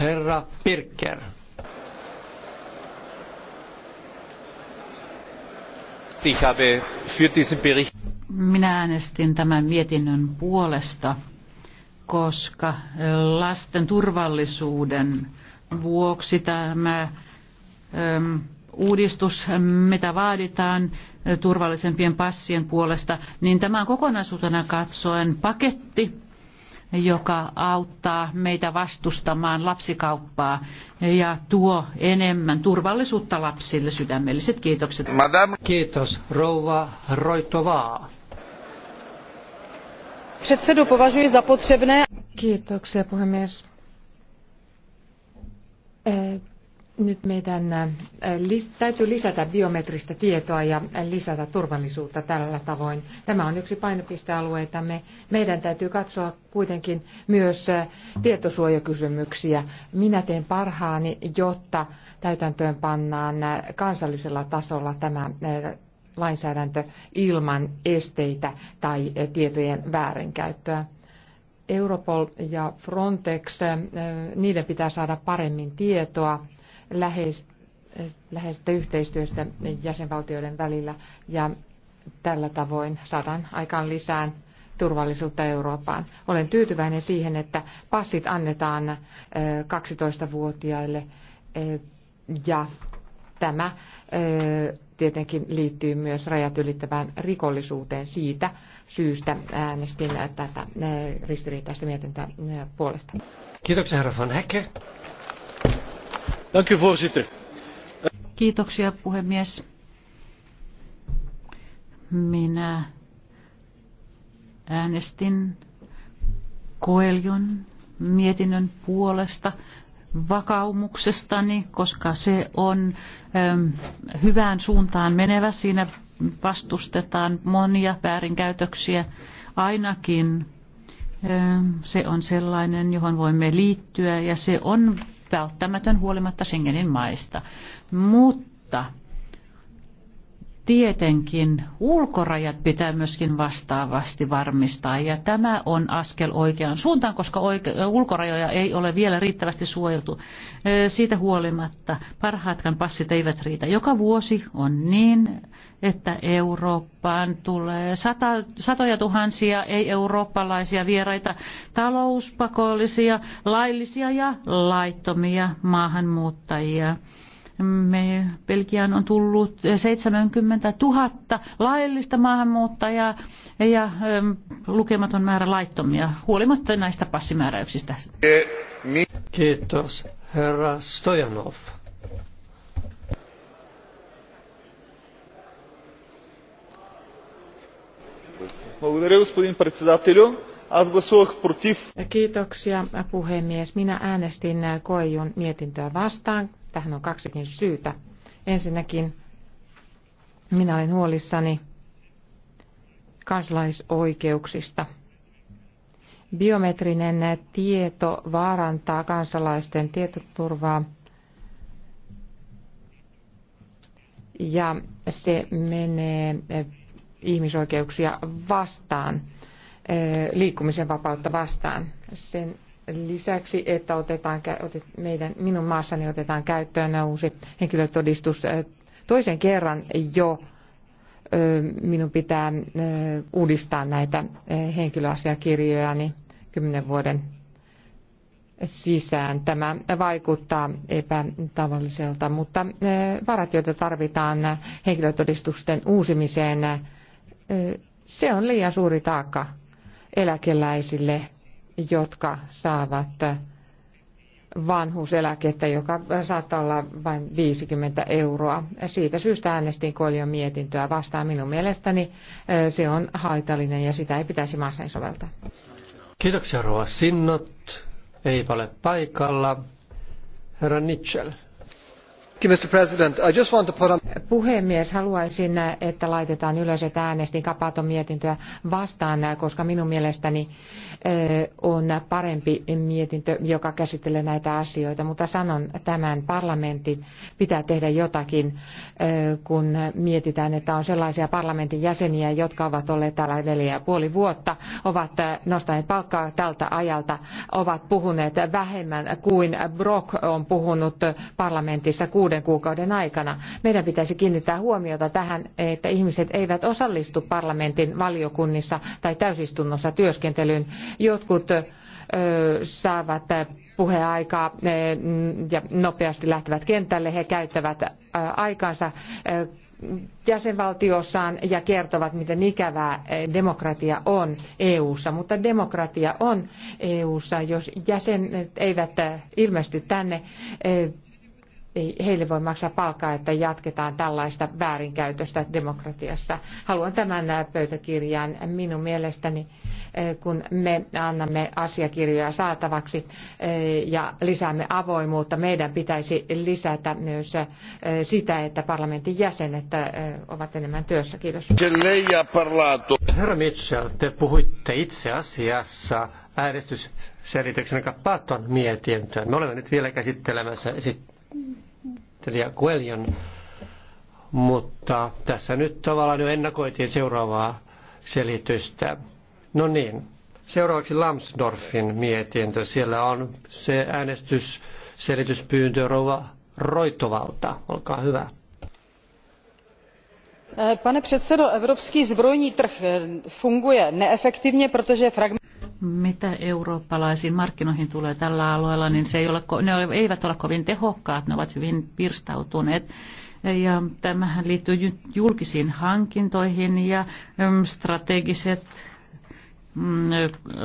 herra Pirker. Ich habe für diesen Bericht minä äänestin tämän mietinnön puolesta, koska lasten turvallisuuden vuoksi tämä ähm, uudistus, mitä vaaditaan turvallisempien passien puolesta, niin tämä on kokonaisuutena katsoen paketti, joka auttaa meitä vastustamaan lapsikauppaa ja tuo enemmän turvallisuutta lapsille. Sydämelliset kiitokset. Madame. Kiitos, rouva Roitovaa. Předsedu považuji za potřebné. Kiitoksia, puhemies e, nyt meidän äh, täytyy lisätä biometristä tietoa ja lisätä turvallisuutta tällä tavoin. Tämä on yksi painopistealueitamme. Meidän täytyy katsoa kuitenkin myös äh, tietosuojakysymyksiä. Minä teen parhaani, jotta täytäntöön pannaan äh, kansallisella tasolla tämä lainsäädäntö ilman esteitä tai tietojen väärinkäyttöä. Europol ja Frontex, niiden pitää saada paremmin tietoa läheistä, yhteistyöstä jäsenvaltioiden välillä ja tällä tavoin saadaan aikaan lisää turvallisuutta Eurooppaan. Olen tyytyväinen siihen, että passit annetaan 12-vuotiaille ja tämä tietenkin liittyy myös rajat ylittävään rikollisuuteen. Siitä syystä äänestin tätä ristiriitaista mietintää puolesta. Kiitoksia herra Van Hecke. Kiitoksia puhemies. Minä äänestin Koeljon mietinnön puolesta vakaumuksestani, koska se on ähm, hyvään suuntaan menevä. Siinä vastustetaan monia väärinkäytöksiä ainakin. Ähm, se on sellainen, johon voimme liittyä ja se on välttämätön huolimatta Schengenin maista. Mutta tietenkin ulkorajat pitää myöskin vastaavasti varmistaa. Ja tämä on askel oikeaan suuntaan, koska oike- ulkorajoja ei ole vielä riittävästi suojeltu. Siitä huolimatta parhaatkaan passit eivät riitä. Joka vuosi on niin, että Eurooppaan tulee sata, satoja tuhansia ei-eurooppalaisia vieraita, talouspakollisia, laillisia ja laittomia maahanmuuttajia. Me Belgiaan on tullut 70 000 laillista maahanmuuttajaa ja ähm, lukematon määrä laittomia, huolimatta näistä passimääräyksistä. Kiitos, herra Stojanov. Kiitoksia, puhemies. Minä äänestin koejun mietintöä vastaan Tähän on kaksikin syytä. Ensinnäkin minä olen huolissani kansalaisoikeuksista. Biometrinen tieto vaarantaa kansalaisten tietoturvaa ja se menee ihmisoikeuksia vastaan, eh, liikkumisen vapautta vastaan. Sen lisäksi, että otetaan, meidän, minun maassani otetaan käyttöön uusi henkilötodistus toisen kerran jo minun pitää uudistaa näitä henkilöasiakirjoja kymmenen vuoden sisään. Tämä vaikuttaa epätavalliselta, mutta varat, joita tarvitaan henkilötodistusten uusimiseen, se on liian suuri taakka eläkeläisille jotka saavat vanhuuseläkettä, joka saattaa olla vain 50 euroa. Siitä syystä äänestin Koljon mietintöä vastaan. Minun mielestäni se on haitallinen ja sitä ei pitäisi maassani soveltaa. Kiitoksia Rova Sinnot. Ei ole paikalla. Herra Nitschel puhemies haluaisin että laitetaan ylös että äänestin capaton mietintöä vastaan koska minun mielestäni on parempi mietintö joka käsittelee näitä asioita mutta sanon tämän parlamentin pitää tehdä jotakin kun mietitään että on sellaisia parlamentin jäseniä jotka ovat olleet täällä neljä ja puoli vuotta ovat nostaneet palkkaa tältä ajalta ovat puhuneet vähemmän kuin Brok on puhunut parlamentissa kuusi kuuden kuukauden aikana. Meidän pitäisi kiinnittää huomiota tähän, että ihmiset eivät osallistu parlamentin valiokunnissa tai täysistunnossa työskentelyyn. Jotkut saavat puheaikaa ja nopeasti lähtevät kentälle. He käyttävät aikansa jäsenvaltiossaan ja kertovat, miten ikävää demokratia on EU:ssa. Mutta demokratia on EU:ssa, jos jäsenet eivät ilmesty tänne ei heille voi maksaa palkkaa, että jatketaan tällaista väärinkäytöstä demokratiassa. Haluan tämän pöytäkirjaan minun mielestäni, kun me annamme asiakirjoja saatavaksi ja lisäämme avoimuutta, meidän pitäisi lisätä myös sitä, että parlamentin jäsenet ovat enemmän työssä. Kiitos. Herra Mitchell, te puhuitte itse asiassa äänestysselityksen kappaaton mietintöön. Me olemme nyt vielä käsittelemässä esittelijä Kueljan, mutta tässä nyt tavallaan jo ennakoitiin seuraavaa selitystä. No niin, seuraavaksi Lambsdorffin mietintö. Siellä on se äänestys selityspyyntö Rova Roitovalta. Olkaa hyvä. Pane předsedo, evropský zbrojní trh funguje neefektivně, protože fragment mitä eurooppalaisiin markkinoihin tulee tällä alueella, niin se ei ole, ne eivät ole kovin tehokkaat, ne ovat hyvin pirstautuneet. Ja tämähän liittyy julkisiin hankintoihin ja mm, strategiset mm,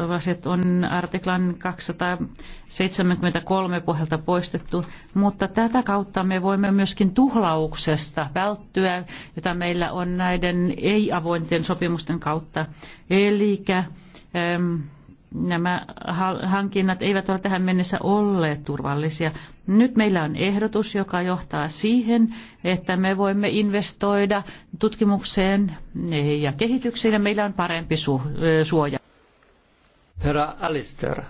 asiat on artiklan 273 pohjalta poistettu, mutta tätä kautta me voimme myöskin tuhlauksesta välttyä, jota meillä on näiden ei avointien sopimusten kautta. Eli mm, nämä hankinnat eivät ole tähän mennessä olleet turvallisia. Nyt meillä on ehdotus, joka johtaa siihen, että me voimme investoida tutkimukseen ja kehitykseen ja meillä on parempi suoja. Herra Alistair.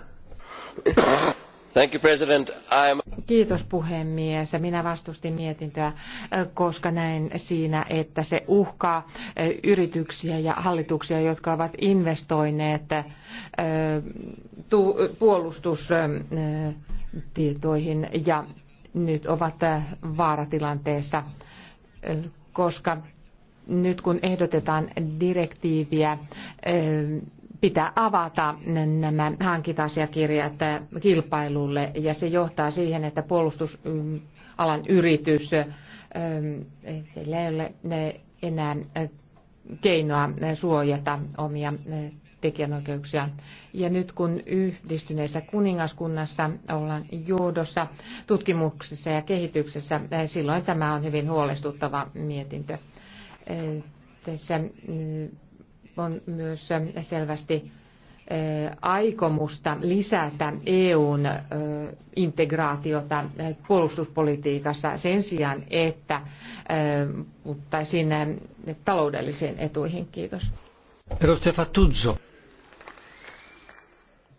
Kiitos puhemies. Minä vastustin mietintöä, koska näin siinä, että se uhkaa eh, yrityksiä ja hallituksia, jotka ovat investoineet eh, puolustustietoihin eh, ja nyt ovat vaaratilanteessa, koska nyt kun ehdotetaan direktiiviä, pitää avata nämä hankintasiakirjat kilpailulle ja se johtaa siihen, että puolustusalan yritys, sillä ei ole enää keinoa suojata omia tekijänoikeuksia. Ja nyt kun yhdistyneessä kuningaskunnassa ollaan johdossa tutkimuksessa ja kehityksessä, silloin tämä on hyvin huolestuttava mietintö. Tässä on myös selvästi eh, aikomusta lisätä EUn eh, integraatiota eh, puolustuspolitiikassa sen sijaan, että puhuttaisiin taloudellisiin etuihin. Kiitos. Edustaja Fattuzzo.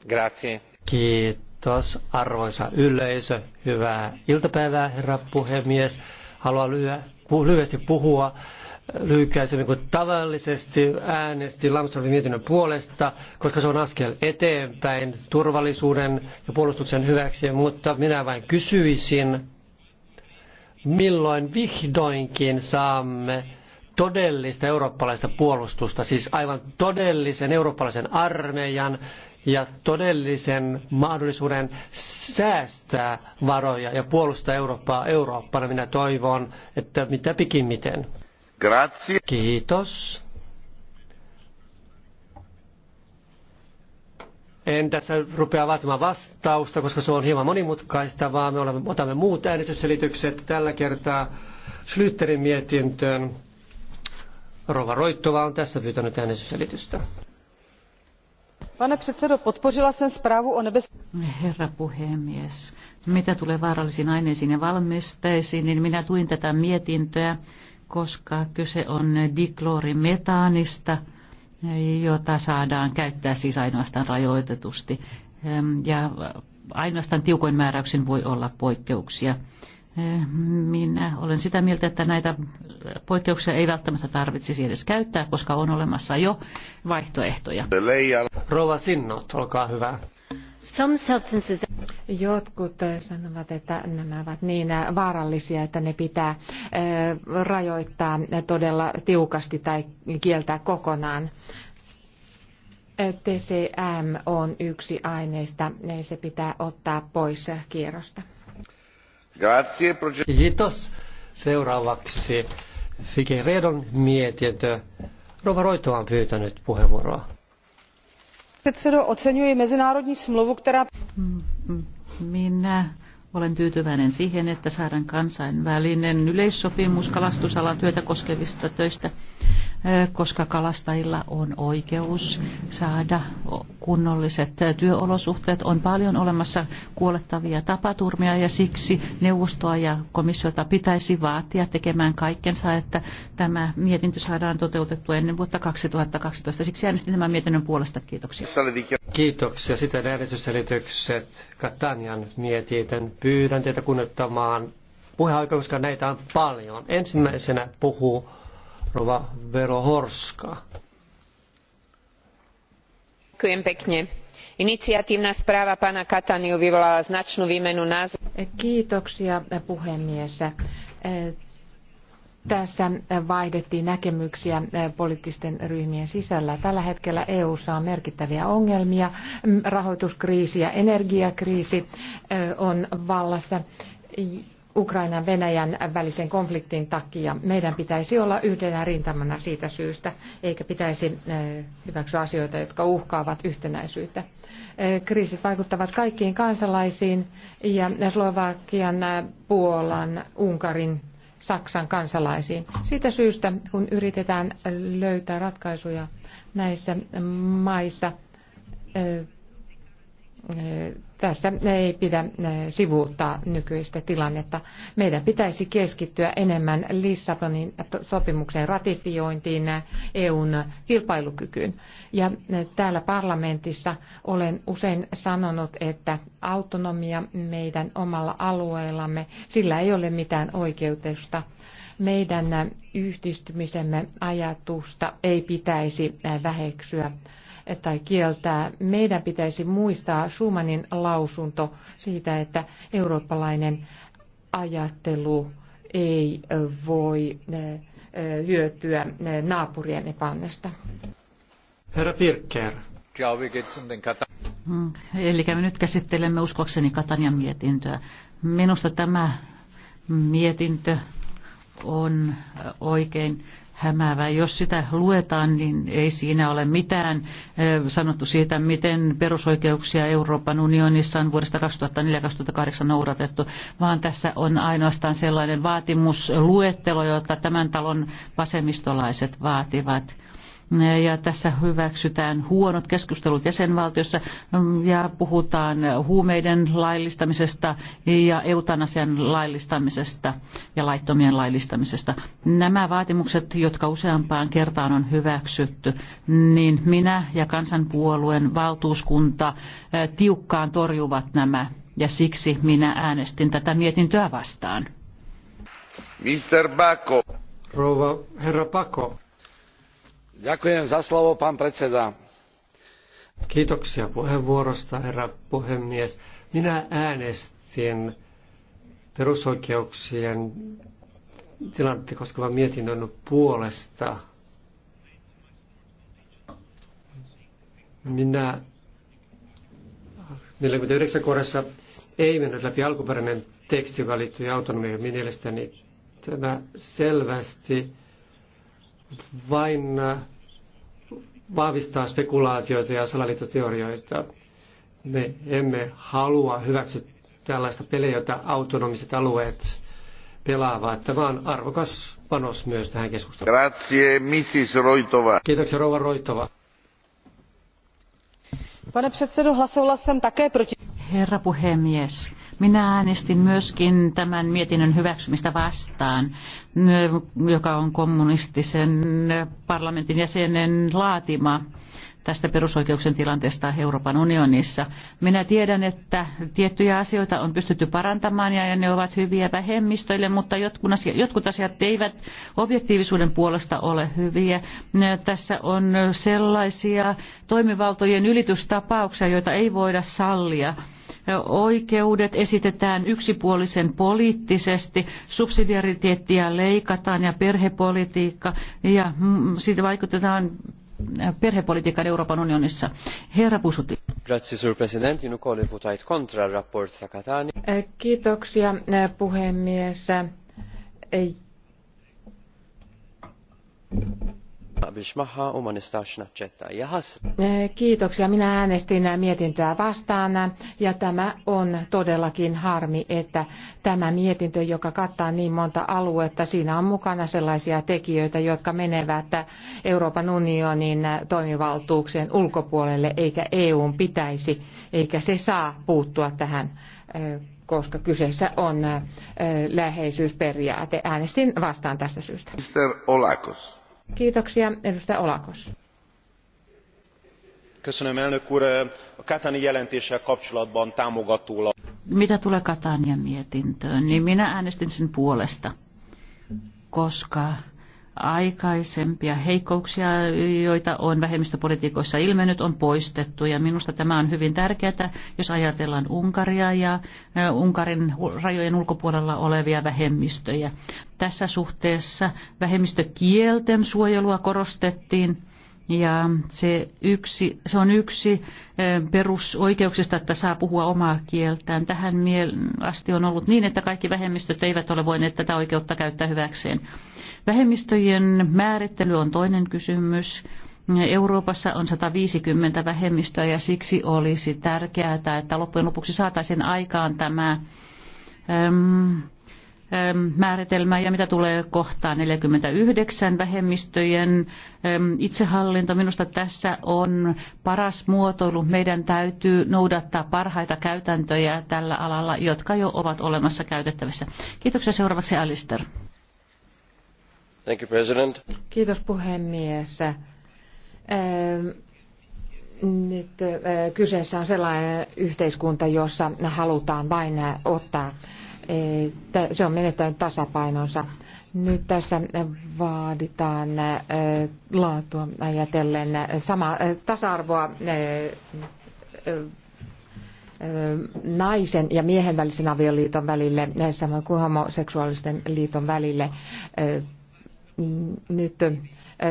Grazie. Kiitos arvoisa yleisö. Hyvää iltapäivää herra puhemies. Haluan lyhyesti puhua lyhykäisemmin kuin tavallisesti äänesti Lambsdorffin mietinnön puolesta, koska se on askel eteenpäin turvallisuuden ja puolustuksen hyväksi, mutta minä vain kysyisin, milloin vihdoinkin saamme todellista eurooppalaista puolustusta, siis aivan todellisen eurooppalaisen armeijan ja todellisen mahdollisuuden säästää varoja ja puolustaa Eurooppaa Eurooppana. Minä toivon, että mitä pikimmiten. Grazie. Kiitos. En tässä rupea vaatimaan vastausta, koska se on hieman monimutkaista, vaan me olemme, otamme muut äänestysselitykset tällä kertaa Slyterin mietintöön. Rova Roittova on tässä pyytänyt äänestysselitystä. Pane předsedo, podpořila jsem zprávu o Herra puhemies, mitä tulee vaarallisiin aineisiin ja valmisteisiin, niin minä tuin tätä mietintöä, koska kyse on diklorimetaanista, jota saadaan käyttää siis ainoastaan rajoitetusti. Ja ainoastaan tiukoin määräyksin voi olla poikkeuksia. Minä olen sitä mieltä, että näitä poikkeuksia ei välttämättä tarvitsisi edes käyttää, koska on olemassa jo vaihtoehtoja. Rova Sinnot, olkaa hyvä. Some substances... Jotkut eh, sanovat, että nämä ovat niin eh, vaarallisia, että ne pitää eh, rajoittaa todella tiukasti tai kieltää kokonaan. TCM on yksi aineista, niin se pitää ottaa pois kierrosta. Grazie. Kiitos. Seuraavaksi Figueiredon mietintö. Rova Roito on pyytänyt puheenvuoroa předsedo oceňuji mezinárodní smlouvu která. minä olen tyytyväinen siihen että saadaan kansainvälinen yleissopimus kalastusalan työtä koskevista töistä koska kalastajilla on oikeus saada kunnolliset työolosuhteet. On paljon olemassa kuolettavia tapaturmia ja siksi neuvostoa ja komissiota pitäisi vaatia tekemään kaikkensa, että tämä mietintö saadaan toteutettua ennen vuotta 2012. Siksi äänestin tämän mietinnön puolesta. Kiitoksia. Kiitoksia. Sitä äänestysselitykset Katanian mietintön. Pyydän teitä kunnioittamaan puheaika, koska näitä on paljon. Ensimmäisenä puhuu Rova Vero Horska. Ďakujem pekne. Initiatívna správa pána Kataniu vyvolala značnú výmenu názorov. Kiitoksia puhemies. E, tässä vaihdettiin näkemyksiä e, poliittisten ryhmien sisällä. Tällä hetkellä EU:ssa on merkittäviä ongelmia. Rahoituskriisi ja energiakriisi e, on vallassa Ukrainan Venäjän välisen konfliktin takia. Meidän pitäisi olla yhdenä rintamana siitä syystä, eikä pitäisi eh, hyväksyä asioita, jotka uhkaavat yhtenäisyyttä. Eh, kriisit vaikuttavat kaikkiin kansalaisiin ja Slovakian, eh, Puolan, Unkarin, Saksan kansalaisiin. Siitä syystä, kun yritetään löytää ratkaisuja näissä maissa, tässä ei pidä sivuuttaa nykyistä tilannetta. Meidän pitäisi keskittyä enemmän Lissabonin sopimuksen ratifiointiin EUn kilpailukykyyn. Ja täällä parlamentissa olen usein sanonut, että autonomia meidän omalla alueellamme, sillä ei ole mitään oikeutusta. Meidän yhdistymisemme ajatusta ei pitäisi väheksyä tai kieltää. Meidän pitäisi muistaa Schumannin lausunto siitä, että eurooppalainen ajattelu ei voi eh, eh, hyötyä eh, naapurien epannesta. Herra Pirkker. Mm, eli me nyt käsittelemme uskokseni Katanian mietintöä. Minusta tämä mietintö on oikein hämäävä. Jos sitä luetaan, niin ei siinä ole mitään sanottu siitä, miten perusoikeuksia Euroopan unionissa on vuodesta 2004-2008 noudatettu, vaan tässä on ainoastaan sellainen vaatimusluettelo, jota tämän talon vasemmistolaiset vaativat ja tässä hyväksytään huonot keskustelut jäsenvaltiossa ja puhutaan huumeiden laillistamisesta ja eutanasian laillistamisesta ja laittomien laillistamisesta. Nämä vaatimukset, jotka useampaan kertaan on hyväksytty, niin minä ja kansanpuolueen valtuuskunta eh, tiukkaan torjuvat nämä ja siksi minä äänestin tätä mietintöä vastaan. Mr. Bako. Rouva herra Pako. Kiitoksia puheenvuorosta, herra puhemies. Minä äänestin perusoikeuksien tilannetta koskevan mietinnön puolesta. Minä 49 kohdassa ei mennyt läpi alkuperäinen teksti, joka liittyy autonomiaan. Mielestäni tämä selvästi vain äh, vahvistaa spekulaatioita ja salaliittoteorioita. Me emme halua hyväksyä tällaista pelejä, jota autonomiset alueet pelaavat. Tämä on arvokas panos myös tähän keskusteluun. Grazie, Mrs. Roitova. Kiitoksia, rouva Roitova. Pane předsedo, hlasovala jsem také proti... Herra puhemies, minä äänestin myöskin tämän mietinnön hyväksymistä vastaan, joka on kommunistisen parlamentin jäsenen laatima tästä perusoikeuksien tilanteesta Euroopan unionissa. Minä tiedän, että tiettyjä asioita on pystytty parantamaan ja ne ovat hyviä vähemmistöille, mutta jotkut asiat, eivät objektiivisuuden puolesta ole hyviä. Tässä on sellaisia toimivaltojen ylitystapauksia, joita ei voida sallia oikeudet esitetään yksipuolisen poliittisesti, subsidiariteettia leikataan ja perhepolitiikka ja mm, siitä vaikutetaan äh, perhepolitiikan Euroopan unionissa. Herra Pusuti. Äh, kiitoksia äh, puhemies. Ei. Eh, kiitoksia, minä äänestin mietintöä vastaan ja tämä on todellakin harmi, että tämä mietintö, joka kattaa niin monta aluetta, siinä on mukana sellaisia tekijöitä, jotka menevät Euroopan unionin toimivaltuuksien ulkopuolelle, eikä EUn pitäisi, eikä se saa puuttua tähän eh, koska kyseessä on eh, läheisyysperiaate. Äänestin vastaan tästä syystä. Mr. Olakos. Kiitoksia, edustaja Olakos. Köszönöm, elnök úr. A Katani jelentéssel kapcsolatban támogatóla. Mitä tulee Katania mietintöön, niin minä äänestin sen puolesta, koska aikaisempia heikkouksia, joita on vähemmistöpolitiikoissa ilmennyt, on poistettu. Ja minusta tämä on hyvin tärkeää, jos ajatellaan Unkaria ja Unkarin rajojen ulkopuolella olevia vähemmistöjä. Tässä suhteessa vähemmistökielten suojelua korostettiin. Ja se, yksi, se on yksi perusoikeuksista, että saa puhua omaa kieltään. Tähän asti on ollut niin, että kaikki vähemmistöt eivät ole voineet tätä oikeutta käyttää hyväkseen. Vähemmistöjen määrittely on toinen kysymys. Euroopassa on 150 vähemmistöä ja siksi olisi tärkeää, että loppujen lopuksi saataisiin aikaan tämä äm, määritelmä ja mitä tulee kohtaan 49 vähemmistöjen itsehallinto. Minusta tässä on paras muotoilu. Meidän täytyy noudattaa parhaita käytäntöjä tällä alalla, jotka jo ovat olemassa käytettävissä. Kiitoksia seuraavaksi Alister. Kiitos puhemies. Ehm, nyt eh, kyseessä on sellainen yhteiskunta, jossa halutaan vain ottaa. Se on menettänyt tasapainonsa. Nyt tässä vaaditaan eh, laatua ajatellen sama eh, tasa-arvoa naisen ja miehen välisen avioliiton välille, samoin kuin homoseksuaalisten liiton välille nyt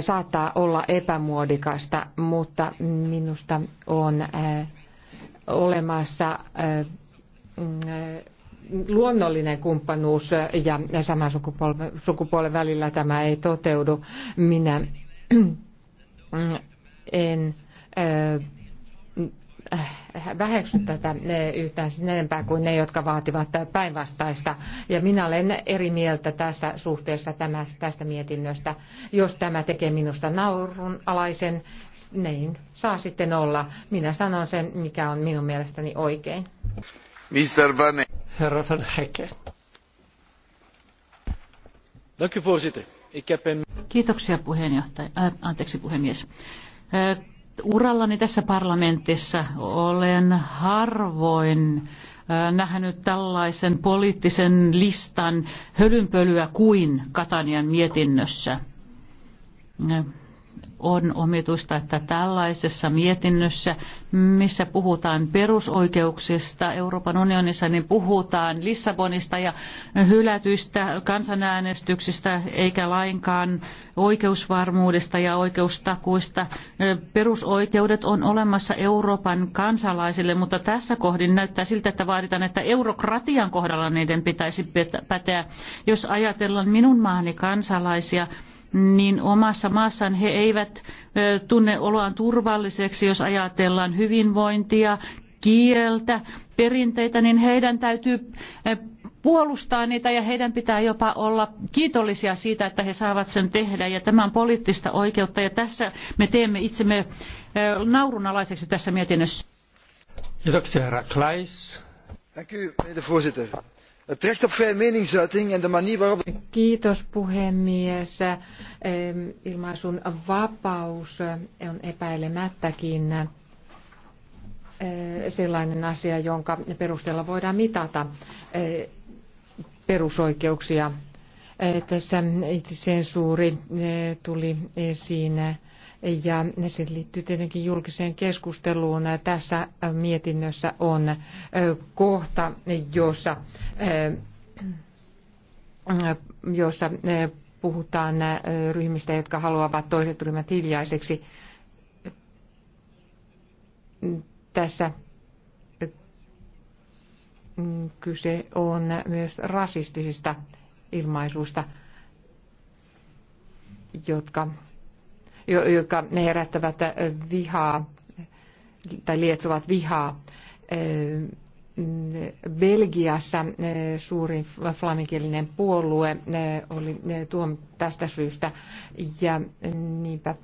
saattaa olla epämuodikasta, mutta minusta on olemassa mm, luonnollinen kumppanuus ja saman sukupuolen välillä tämä ei toteudu. Minä en Äh, väheksy tätä yhtään sen enempää kuin ne, jotka vaativat päinvastaista. Ja minä olen eri mieltä tässä suhteessa tämä, tästä mietinnöstä. Jos tämä tekee minusta naurunalaisen, niin saa sitten olla. Minä sanon sen, mikä on minun mielestäni oikein. Mr. Van Herra Van Hecke. Kiitoksia puheenjohtaja, äh, anteeksi puhemies. Äh, urallani tässä parlamentissa olen harvoin nähnyt tällaisen poliittisen listan hölynpölyä kuin Katanian mietinnössä on omituista, että tällaisessa mietinnössä, missä puhutaan perusoikeuksista Euroopan unionissa, niin puhutaan Lissabonista ja hylätyistä kansanäänestyksistä, eikä lainkaan oikeusvarmuudesta ja oikeustakuista. Perusoikeudet on olemassa Euroopan kansalaisille, mutta tässä kohdin näyttää siltä, että vaaditaan, että eurokratian kohdalla niiden pitäisi päteä. Jos ajatellaan minun maani kansalaisia, niin omassa maassaan he eivät tunne oloaan turvalliseksi, jos ajatellaan hyvinvointia, kieltä, perinteitä, niin heidän täytyy puolustaa niitä ja heidän pitää jopa olla kiitollisia siitä, että he saavat sen tehdä. Ja tämä on poliittista oikeutta ja tässä me teemme itsemme naurunalaiseksi tässä mietinnössä. Kiitoksia herra Dank u, meneer de voorzitter. Het recht op vrije meningsuiting en de manier waarop... Kiitos puhemies. Ehm, ilmaisun vapaus on epäilemättäkin eh, sellainen asia, jonka perusteella voidaan mitata eh, perusoikeuksia. Eh, tässä itsesensuuri tuli esiin ja se liittyy tietenkin julkiseen keskusteluun. Tässä mietinnössä on kohta, jossa, jossa puhutaan ryhmistä, jotka haluavat toiset ryhmät hiljaiseksi. Tässä kyse on myös rasistisista ilmaisuista, jotka jotka herättävät äh, vihaa tai lietsovat vihaa. Äh, Belgiassa äh, suurin flaminkielinen puolue oli tuon tästä syystä ja niinpä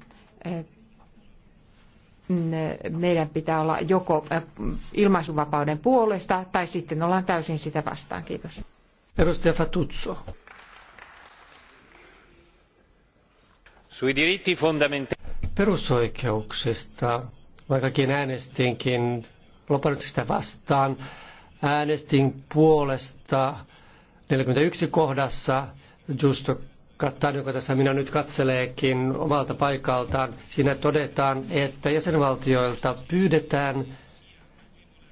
meidän pitää olla joko ilmaisuvapauden puolesta tai sitten ollaan täysin sitä vastaan. Kiitos. Edustaja Fatuzzo. Perusoikeuksista, vaikkakin äänestinkin lopanuksesta vastaan, äänestin puolesta 41 kohdassa Justo Kattan, joka tässä minä nyt katseleekin omalta paikaltaan. Siinä todetaan, että jäsenvaltioilta pyydetään,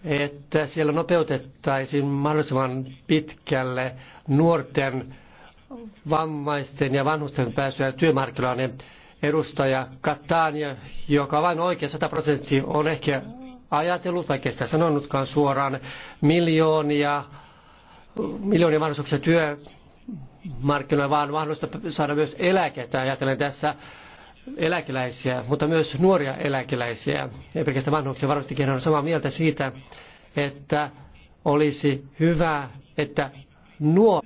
että siellä nopeutettaisiin mahdollisimman pitkälle nuorten vammaisten ja vanhusten pääsyä työmarkkinoille edustaja Kattania, joka vain oikein 100 prosenttia on ehkä ajatellut, vaikka sitä sanonutkaan suoraan, miljoonia, miljoonia mahdollisuuksia työmarkkinoille vaan mahdollista saada myös eläkettä. ajatellen tässä eläkeläisiä, mutta myös nuoria eläkeläisiä. Ei pelkästään vanhuksia, varmastikin on samaa mieltä siitä, että olisi hyvä, että nuo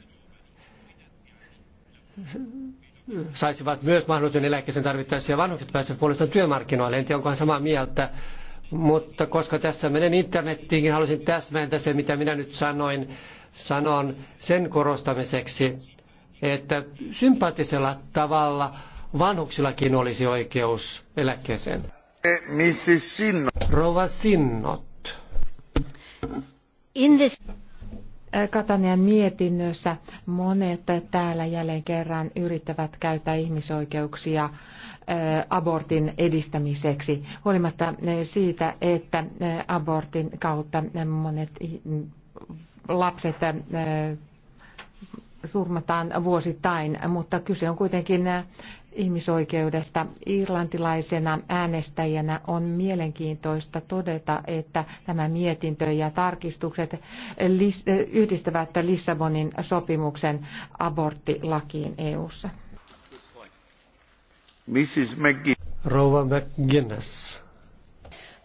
saisivat myös mahdollisuuden eläkkeeseen tarvittaessa ja vanhukset pääsevät puolestaan työmarkkinoille. En tiedä, onkohan samaa mieltä. Mutta koska tässä menen internettiinkin, niin haluaisin täsmentää se, mitä minä nyt sanoin, sanon sen korostamiseksi, että sympaattisella tavalla vanhuksillakin olisi oikeus eläkkeeseen. Mrs. Sinnot. In this... Katanian mietinnössä monet täällä jälleen kerran yrittävät käyttää ihmisoikeuksia abortin edistämiseksi, huolimatta siitä, että abortin kautta monet lapset surmataan vuosittain, mutta kyse on kuitenkin ihmisoikeudesta. Irlantilaisena äänestäjänä on mielenkiintoista todeta, että tämä mietintö ja tarkistukset yhdistävät Lissabonin sopimuksen aborttilakiin EU-ssa. Mrs. Rouva McGuinness.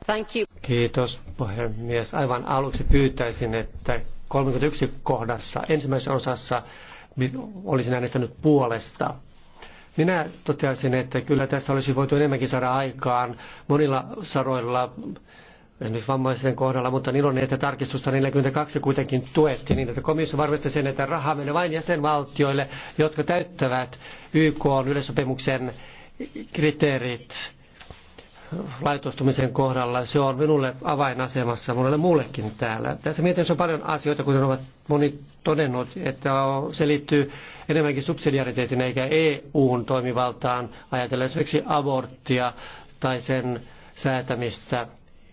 Thank you. Kiitos puhemies. Aivan aluksi pyytäisin, että 31 kohdassa ensimmäisessä osassa niin olisin äänestänyt puolesta minä toteaisin, että kyllä tässä olisi voitu enemmänkin saada aikaan monilla saroilla, esimerkiksi vammaisten kohdalla, mutta niin on, että tarkistusta 42 kuitenkin tuettiin niin, että komissio varmisti sen, että raha menee vain jäsenvaltioille, jotka täyttävät YK yleissopimuksen kriteerit laitostumisen kohdalla. Se on minulle avainasemassa, monelle muullekin täällä. Tässä mietinnössä on paljon asioita, kuten ovat moni todennut, että se liittyy enemmänkin subsidiariteetin eikä EUn toimivaltaan ajatellen esimerkiksi aborttia tai sen säätämistä.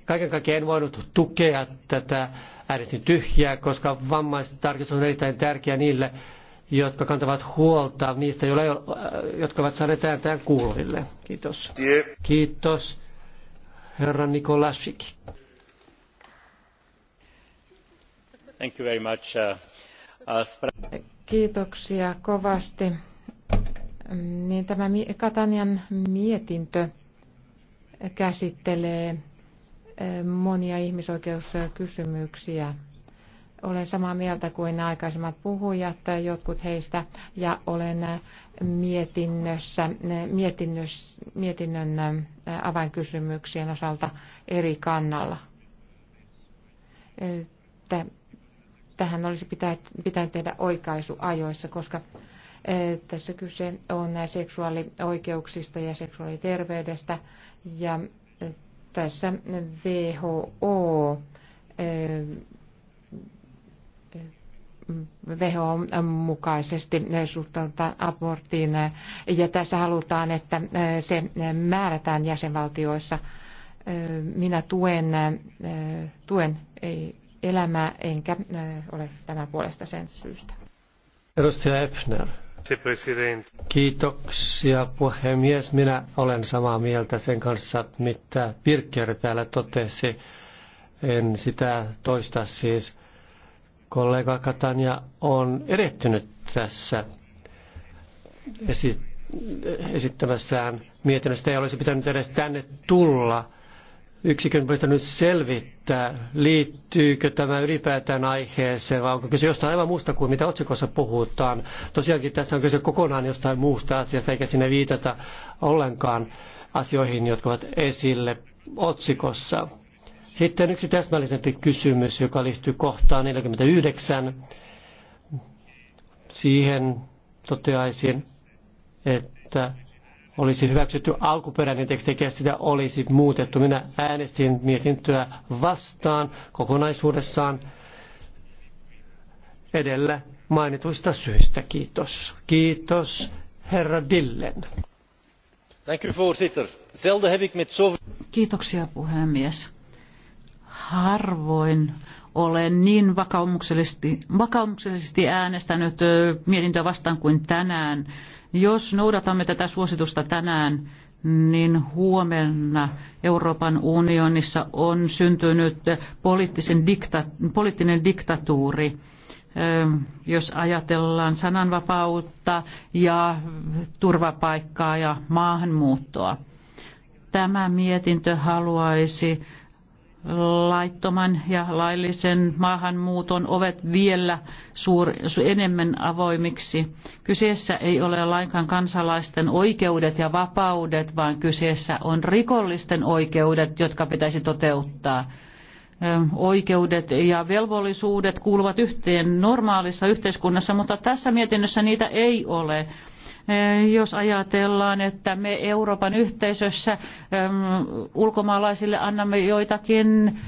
Kaiken kaikkiaan en voinut tukea tätä äänestin tyhjää, koska vammaistarkistus on erittäin tärkeä niille, jotka kantavat huolta niistä, joilla, äh, jotka ovat saaneet ääntään kuuluville. Kiitos. Kiitos herra Thank you very much. Uh, uh, Kiitoksia kovasti. Niin tämä Katanian mietintö käsittelee eh, monia ihmisoikeuskysymyksiä olen samaa mieltä kuin aikaisemmat puhujat, jotkut heistä, ja olen mietinnössä, mietinnös, mietinnön äh, avainkysymyksien osalta eri kannalla. Tähän olisi pitänyt tehdä oikaisu ajoissa, koska äh, tässä kyse on seksuaalioikeuksista ja seksuaaliterveydestä, ja äh, tässä WHO veho mukaisesti suhtautua aborttiin. Ja tässä halutaan, että se määrätään jäsenvaltioissa. Minä tuen, tuen elämää, enkä ole tämän puolesta sen syystä. Edustaja Efner. Kiitoksia puhemies. Minä olen samaa mieltä sen kanssa, mitä Pirkker täällä totesi. En sitä toista siis kollega Katania on erehtynyt tässä esittämässään mietinnöstä. Ei olisi pitänyt edes tänne tulla. Yksikön puolesta nyt selvittää, liittyykö tämä ylipäätään aiheeseen vai onko kyse jostain aivan muusta kuin mitä otsikossa puhutaan. Tosiaankin tässä on kyse kokonaan jostain muusta asiasta eikä sinne viitata ollenkaan asioihin, jotka ovat esille otsikossa. Sitten yksi täsmällisempi kysymys, joka liittyy kohtaan 49. Siihen toteaisin, että olisi hyväksytty alkuperäinen teksti eikä sitä olisi muutettu. Minä äänestin mietintöä vastaan kokonaisuudessaan edellä mainituista syistä. Kiitos. Kiitos, herra Dillen. Kiitoksia puhemies harvoin olen niin vakaumuksellisesti, vakaumuksellisesti äänestänyt mietintöä vastaan kuin tänään. Jos noudatamme tätä suositusta tänään, niin huomenna Euroopan unionissa on syntynyt poliittisen dikta, poliittinen diktatuuri. Jos ajatellaan sananvapautta ja turvapaikkaa ja maahanmuuttoa. Tämä mietintö haluaisi laittoman ja laillisen maahanmuuton ovet vielä suur, enemmän avoimiksi. Kyseessä ei ole lainkaan kansalaisten oikeudet ja vapaudet, vaan kyseessä on rikollisten oikeudet, jotka pitäisi toteuttaa. Oikeudet ja velvollisuudet kuuluvat yhteen normaalissa yhteiskunnassa, mutta tässä mietinnössä niitä ei ole. Eh, jos ajatellaan, että me Euroopan yhteisössä ulkomaalaisille annamme joitakin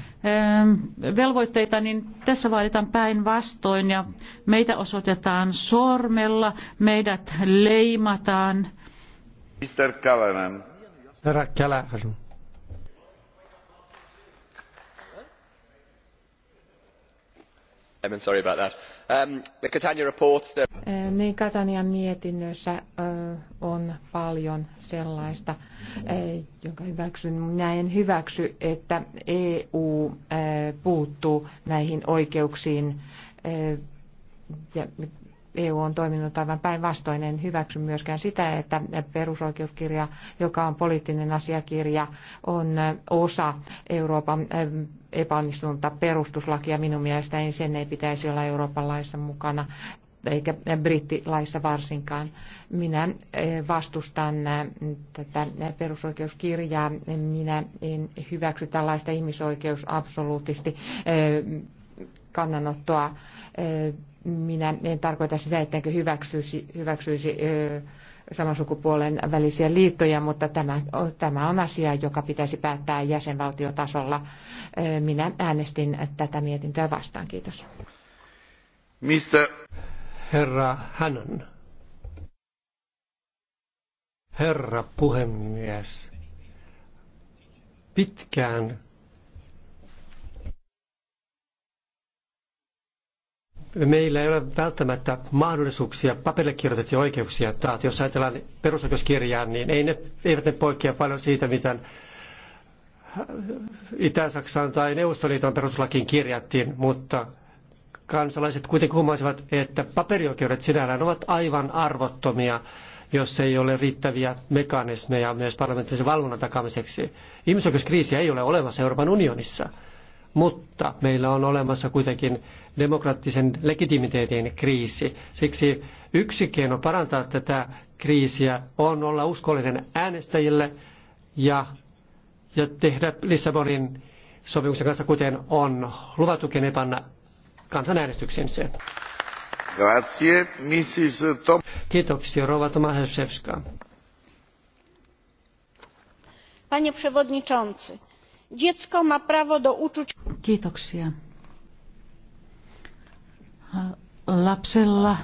velvoitteita, niin tässä vaaditaan päinvastoin ja meitä osoitetaan sormella, meidät leimataan. Mr. Callanan. Herra Callahan. I'm sorry about that. Um, niin Katanian mietinnössä on paljon sellaista, jonka hyväksyn. Minä en hyväksy, että EU puuttuu näihin oikeuksiin. Ja EU on toiminut aivan päinvastoin. En hyväksy myöskään sitä, että perusoikeuskirja, joka on poliittinen asiakirja, on osa Euroopan epäonnistunutta perustuslakia. Minun mielestäni sen ei pitäisi olla Euroopan laissa mukana eikä brittilaissa varsinkaan. Minä eh, vastustan eh, tätä perusoikeuskirjaa. Minä en hyväksy tällaista ihmisoikeus absoluutisti eh, kannanottoa. Minä en tarkoita sitä, ettenkö hyväksyisi, hyväksyisi samansukupuolen välisiä liittoja, mutta tämä, tämä on asia, joka pitäisi päättää jäsenvaltiotasolla. Minä äänestin tätä mietintöä vastaan. Kiitos. Mistä? Herra Hannon. Herra puhemies, pitkään meillä ei ole välttämättä mahdollisuuksia paperille kirjoitettuja oikeuksia taat. Jos ajatellaan perusoikeuskirjaa, niin ei ne, eivät ne poikkea paljon siitä, mitä Itä-Saksan tai Neuvostoliiton peruslakiin kirjattiin, mutta kansalaiset kuitenkin huomasivat, että paperioikeudet sinällään ovat aivan arvottomia, jos ei ole riittäviä mekanismeja myös parlamentaarisen valvonnan takaamiseksi. Ihmisoikeuskriisiä ei ole olemassa Euroopan unionissa mutta meillä on olemassa kuitenkin demokraattisen legitimiteetin kriisi. Siksi yksi keino parantaa tätä kriisiä on olla uskollinen äänestäjille ja, ja tehdä Lissabonin sopimuksen kanssa, kuten on luvattu ja panna kansanäänestykseen sen. Grazie, Mrs. Tom. Kiitoksia, Rova Tomaszewska. Panie przewodniczący, Dziecko ma prawo do uczuć... Kiitoksia. Lapsella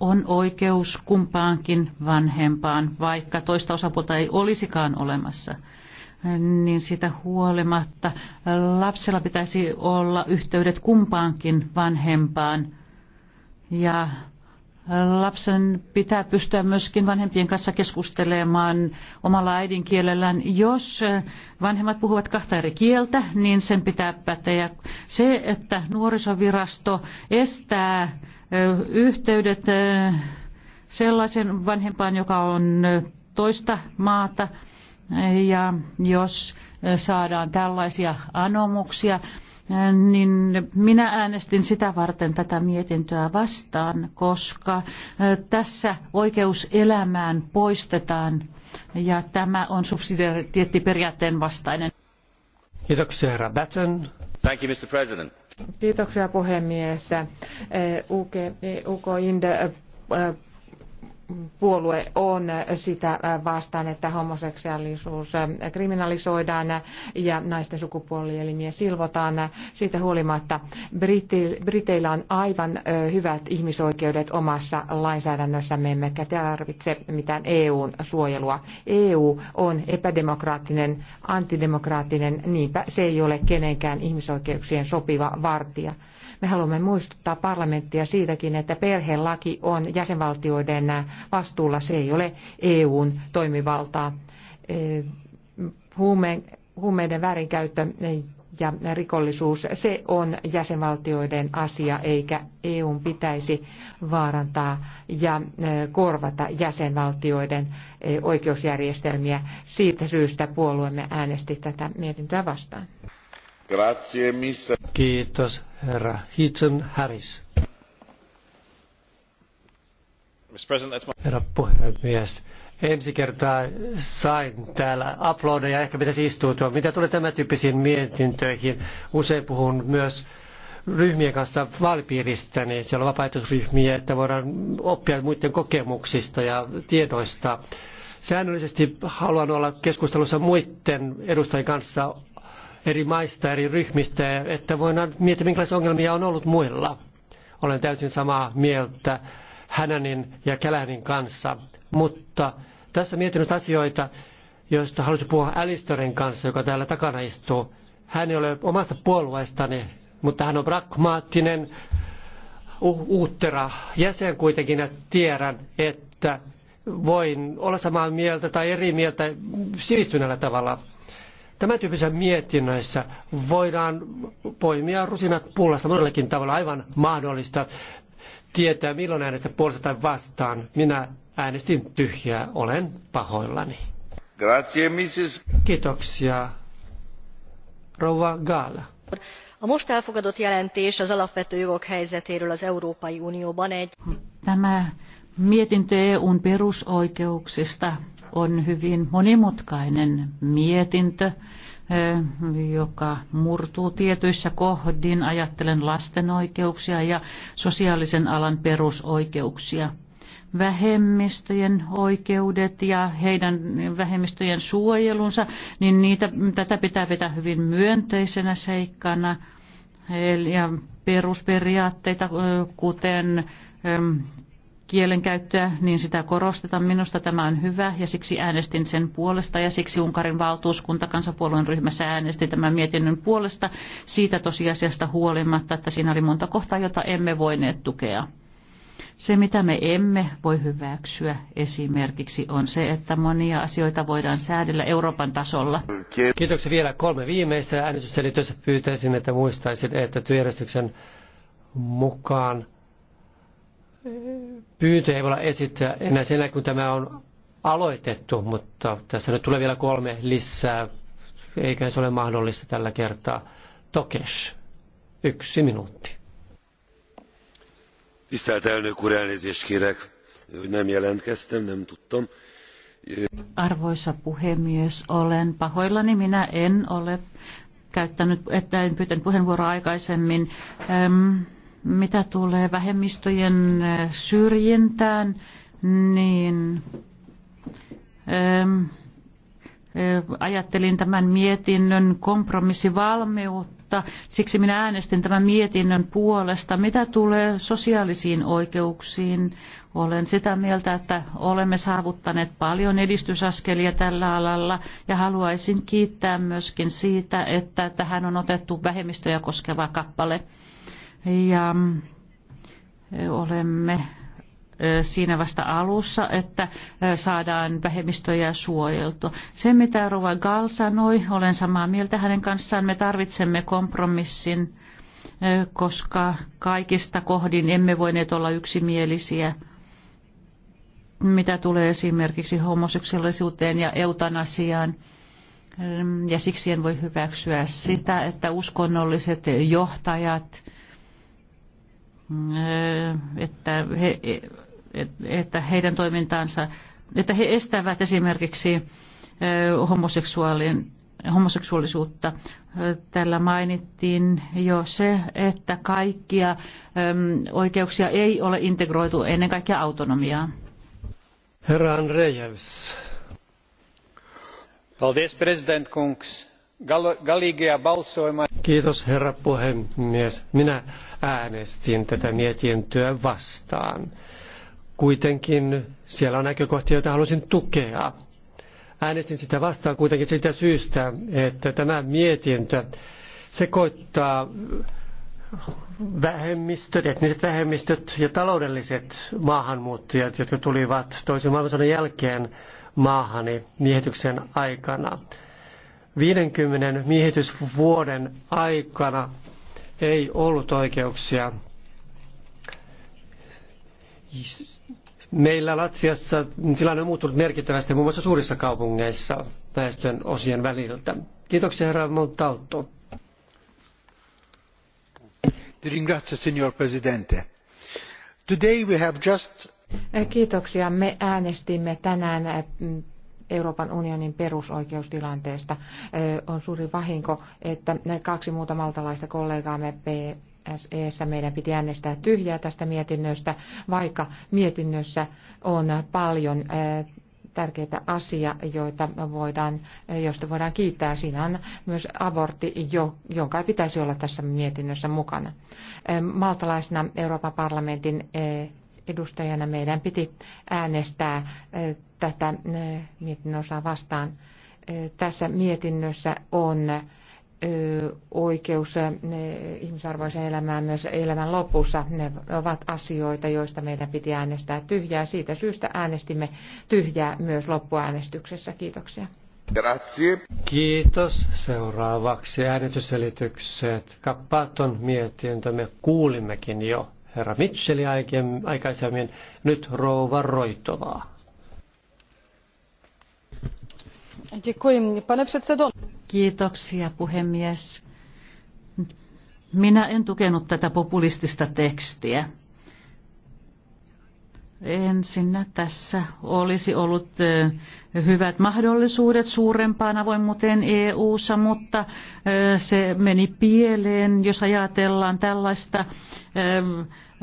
on oikeus kumpaankin vanhempaan, vaikka toista osapuolta ei olisikaan olemassa niin sitä huolimatta lapsella pitäisi olla yhteydet kumpaankin vanhempaan. Ja Lapsen pitää pystyä myöskin vanhempien kanssa keskustelemaan omalla äidinkielellään. Jos vanhemmat puhuvat kahta eri kieltä, niin sen pitää päteä. Se, että nuorisovirasto estää yhteydet sellaisen vanhempaan, joka on toista maata, ja jos saadaan tällaisia anomuksia, niin minä äänestin sitä varten tätä mietintöä vastaan, koska tässä oikeus elämään poistetaan ja tämä on subsidiariteettiperiaatteen vastainen. Kiitoksia, herra Batten. Thank you, Mr. President. Kiitoksia, puhemies. E, UK, e, UK Inde puolue on sitä vastaan, että homoseksuaalisuus kriminalisoidaan ja naisten sukupuolielimiä silvotaan. Siitä huolimatta Briteillä on aivan hyvät ihmisoikeudet omassa lainsäädännössämme, emmekä tarvitse mitään EUn suojelua. EU on epädemokraattinen, antidemokraattinen, niinpä se ei ole kenenkään ihmisoikeuksien sopiva vartija. Me haluamme muistuttaa parlamenttia siitäkin, että perhelaki on jäsenvaltioiden vastuulla. Se ei ole EUn toimivaltaa. Huumeiden väärinkäyttö ja rikollisuus, se on jäsenvaltioiden asia, eikä EUn pitäisi vaarantaa ja e, korvata jäsenvaltioiden e, oikeusjärjestelmiä. Siitä syystä puolueemme äänesti tätä mietintöä vastaan. Grazie, mister. Kiitos, herra Hitson Harris. Herra puhemies, ensi kertaa sain täällä aplodeja, ehkä pitäisi istuutua. Mitä tulee tämän tyyppisiin mietintöihin, usein puhun myös ryhmien kanssa vaalipiiristä, niin siellä on vapaaehtoisryhmiä, että voidaan oppia muiden kokemuksista ja tiedoista. Säännöllisesti haluan olla keskustelussa muiden edustajien kanssa eri maista, eri ryhmistä, että voidaan miettiä, minkälaisia ongelmia on ollut muilla. Olen täysin samaa mieltä Hänänin ja Kälänin kanssa, mutta tässä mietinnössä asioita, joista halusin puhua Alistorin kanssa, joka täällä takana istuu. Hän ei ole omasta puolueestani, mutta hän on pragmaattinen, uuttera jäsen kuitenkin, ja tiedän, että voin olla samaa mieltä tai eri mieltä sivistyneellä tavalla Tämän tyyppisissä mietinnöissä voidaan poimia rusinat pullasta monellakin tavalla aivan mahdollista tietää, milloin äänestä puolesta tai vastaan. Minä äänestin tyhjää, olen pahoillani. Grazie, Mrs. Kiitoksia. Rouva Gaala. A most elfogadott jelentés az alapvető jogok helyzetéről az Európai Unióban egy... Tämä mietintö EUn perusoikeuksista on hyvin monimutkainen mietintö, joka murtuu tietyissä kohdin. Ajattelen lasten oikeuksia ja sosiaalisen alan perusoikeuksia vähemmistöjen oikeudet ja heidän vähemmistöjen suojelunsa, niin niitä, tätä pitää pitää hyvin myönteisenä seikkana. Ja perusperiaatteita, kuten kielenkäyttöä, niin sitä korostetaan. Minusta tämä on hyvä ja siksi äänestin sen puolesta ja siksi Unkarin valtuuskunta kansanpuolueen ryhmässä äänesti tämän mietinnön puolesta siitä tosiasiasta huolimatta, että siinä oli monta kohtaa, jota emme voineet tukea. Se, mitä me emme voi hyväksyä esimerkiksi, on se, että monia asioita voidaan säädellä Euroopan tasolla. Kiitoksia vielä kolme viimeistä äänestyselitystä. Pyytäisin, että muistaisin, että työjärjestyksen mukaan pyyntöjä ei voida esittää enää sen kun tämä on aloitettu, mutta tässä nyt tulee vielä kolme lisää. Eikä se ole mahdollista tällä kertaa. Tokes, yksi minuutti. Tisztelt elnök úr, elnézést kérek, hogy nem jelentkeztem, nem tudtam. Arvoisa puhemies, olen pahoillani. Minä en ole käyttänyt, että en pyytänyt puheenvuoroa aikaisemmin. Ähm, mitä tulee vähemmistöjen eh, syrjintään, niin eh, ajattelin tämän mietinnön kompromissivalmiutta, siksi minä äänestin tämän mietinnön puolesta. Mitä tulee sosiaalisiin oikeuksiin, olen sitä mieltä, että olemme saavuttaneet paljon edistysaskelia tällä alalla ja haluaisin kiittää myöskin siitä, että tähän on otettu vähemmistöjä koskeva kappale ja olemme siinä vasta alussa, että saadaan vähemmistöjä suojeltua. Se, mitä Rova Gal sanoi, olen samaa mieltä hänen kanssaan. Me tarvitsemme kompromissin, koska kaikista kohdin emme voineet olla yksimielisiä mitä tulee esimerkiksi homoseksuaalisuuteen ja eutanasiaan. Ja siksi en voi hyväksyä sitä, että uskonnolliset johtajat Äh, että, he, että heidän toimintaansa, että he estävät esimerkiksi äh, homoseksuaalien homoseksuaalisuutta. Äh, tällä mainittiin jo se, että kaikkia ähm, oikeuksia ei ole integroitu, ennen kaikkea autonomiaa. Herra Andrejevs. Paldies, president Kungs. Kiitos herra puhemies. Minä äänestin tätä mietintöä vastaan. Kuitenkin siellä on näkökohtia, joita halusin tukea. Äänestin sitä vastaan kuitenkin siitä syystä, että tämä mietintö sekoittaa vähemmistöt, etniset vähemmistöt ja taloudelliset maahanmuuttajat, jotka tulivat toisen maailmansodan jälkeen maahani miehityksen aikana. 50 miehitysvuoden aikana ei ollut oikeuksia. Meillä Latviassa tilanne on muuttunut merkittävästi muun muassa suurissa kaupungeissa väestön osien väliltä. Kiitoksia herra Montalto. Ringrazio, signor Presidente. Today we have just Kiitoksia. Me äänestimme tänään Euroopan unionin perusoikeustilanteesta. On suuri vahinko, että kaksi muuta maltalaista kollegaamme SEssä meidän piti äänestää tyhjää tästä mietinnöstä, vaikka mietinnössä on paljon tärkeitä asia, joita voidaan, josta voidaan kiittää. Siinä on myös abortti, jonka ei pitäisi olla tässä mietinnössä mukana. Maltalaisena Euroopan parlamentin edustajana meidän piti äänestää tätä mietinnön osaa vastaan. Tässä mietinnössä on oikeus ihmisarvoiseen elämään myös elämän lopussa. Ne ovat asioita, joista meidän piti äänestää tyhjää. Siitä syystä äänestimme tyhjää myös loppuäänestyksessä. Kiitoksia. Grazie. Kiitos. Seuraavaksi äänestyselitykset. Kappaton mietintö, me kuulimmekin jo herra Mitchelli aikaisemmin, nyt rouva Roitovaa. Kiitoksia puhemies. Minä en tukenut tätä populistista tekstiä. Ensinnä tässä olisi ollut hyvät mahdollisuudet suurempaan avoimuuteen EU-ssa, mutta se meni pieleen, jos ajatellaan tällaista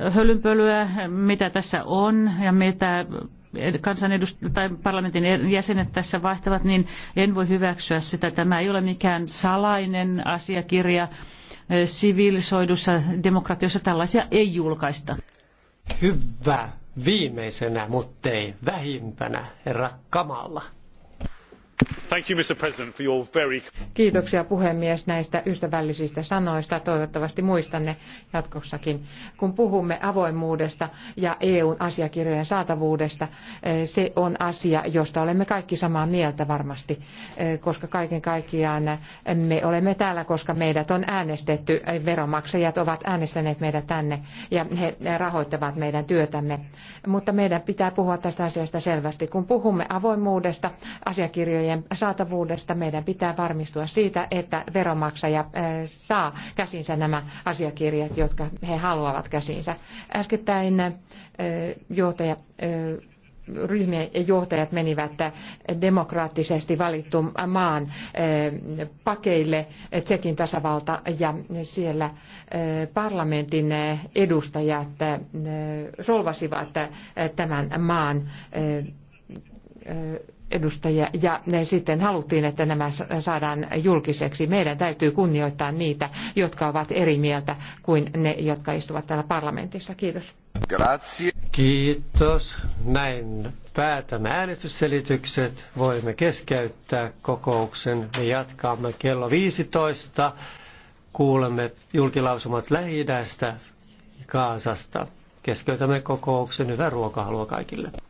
hölynpölyä, mitä tässä on ja mitä kansanedust- tai parlamentin jäsenet tässä vaihtavat, niin en voi hyväksyä sitä. Tämä ei ole mikään salainen asiakirja. Eh, sivilisoidussa demokratiossa tällaisia ei julkaista. Hyvä. Viimeisenä, mutta ei vähimpänä, herra Kamalla. Kiitoksia puhemies näistä ystävällisistä sanoista. Toivottavasti muistanne jatkossakin. Kun puhumme avoimuudesta ja EUn asiakirjojen saatavuudesta, eh, se on asia, josta olemme kaikki samaa mieltä varmasti, eh, koska kaiken kaikkiaan eh, me olemme täällä, koska meidät on äänestetty, veronmaksajat ovat äänestäneet meidät tänne ja he rahoittavat meidän työtämme. Mutta meidän pitää puhua tästä asiasta selvästi. Kun puhumme avoimuudesta, asiakirjojen palvelujen saatavuudesta. Meidän pitää varmistua siitä, että veronmaksaja eh, saa käsinsä nämä asiakirjat, jotka he haluavat käsinsä. Äskettäin eh, johtaja eh, ryhmien johtajat menivät demokraattisesti valittuun maan pakeille, Tsekin tasavalta, ja siellä parlamentin edustajat solvasivat tämän maan edustajia ja sitten haluttiin, että nämä saadaan julkiseksi. Meidän täytyy kunnioittaa niitä, jotka ovat eri mieltä kuin ne, jotka istuvat täällä parlamentissa. Kiitos. Grazie. Kiitos. Näin päätämme äänestysselitykset. Voimme keskeyttää kokouksen. Me jatkamme kello 15. Kuulemme julkilausumat lähi ja Kaasasta. Keskeytämme kokouksen. Hyvää ruokahalua kaikille.